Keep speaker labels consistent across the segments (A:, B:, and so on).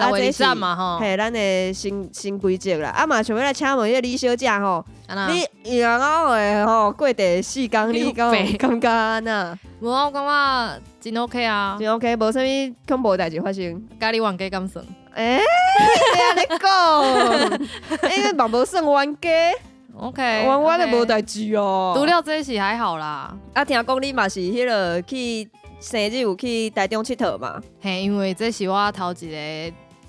A: 啊，啊嘛吼，係
B: 咱的新新規則啦。啊，嘛想要來請問一個李小姐吼，你以後誒吼，過第四工六百感覺安怎？無啊，我感覺真 OK 啊，真 OK，無啥物恐怖代志發生，家裏冤家敢算。誒、欸，你講，你都冇冇剩冤家？OK，冤家都冇代志哦。獨料，這是、 欸 okay, 喔 okay, okay. 還好啦。阿天阿公，聽說你嘛是去去三只五去台中佚佗嘛？嘿，因為這是我頭一個。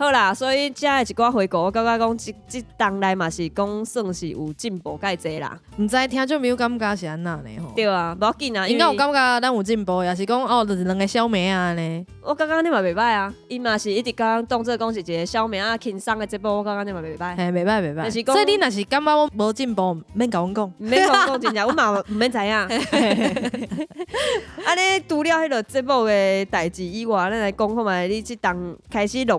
B: 好啦，所以即係一挂回顧，我感覺講即即當來嘛是講算是有進步介濟啦。唔知道聽做沒有感覺是安怎呢吼？對啊，冇見啊。應該我感覺咱有進步，也是講哦，就是兩個小妹啊呢。我感覺你嘛袂歹啊，伊嘛是一直講當做講是一個小妹啊，輕鬆的節目。我感覺你嘛袂歹。嘿，袂歹，袂歹。所以你那是感覺冇進步，咩講講？咩講講？ 真噶，我毋免知影啊。啊， 你除了迄個節目嘅代志以外，我來看看你來講，可能你即當開始錄。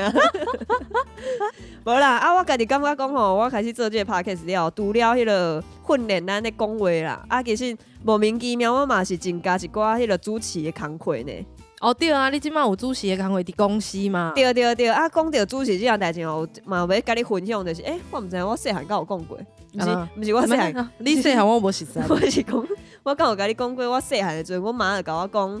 B: 哈哈哈哈哈！無啦啊！我跟你感覺講吼，我開始做這 podcast 了後，除了迄個訓練咱的講話啦。啊，其實莫名其妙，我嘛是真甲一寡迄個主持的工課呢。哦對啊，你今嘛有主持的工課佇公司嘛？對對對啊，講到主持即項代誌哦，嘛要跟你分享的是，哎、欸，我毋知影我細漢跟我講過，不是啊啊不是我細漢、啊，你細漢我冇識，我是講。我剛好跟你講過我，我細漢的時陣，我媽就跟我講。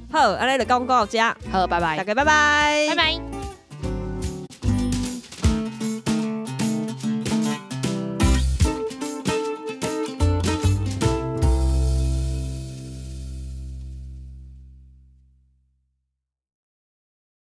B: 好，我哋嚟講個家。好，拜拜，大家拜拜，拜拜。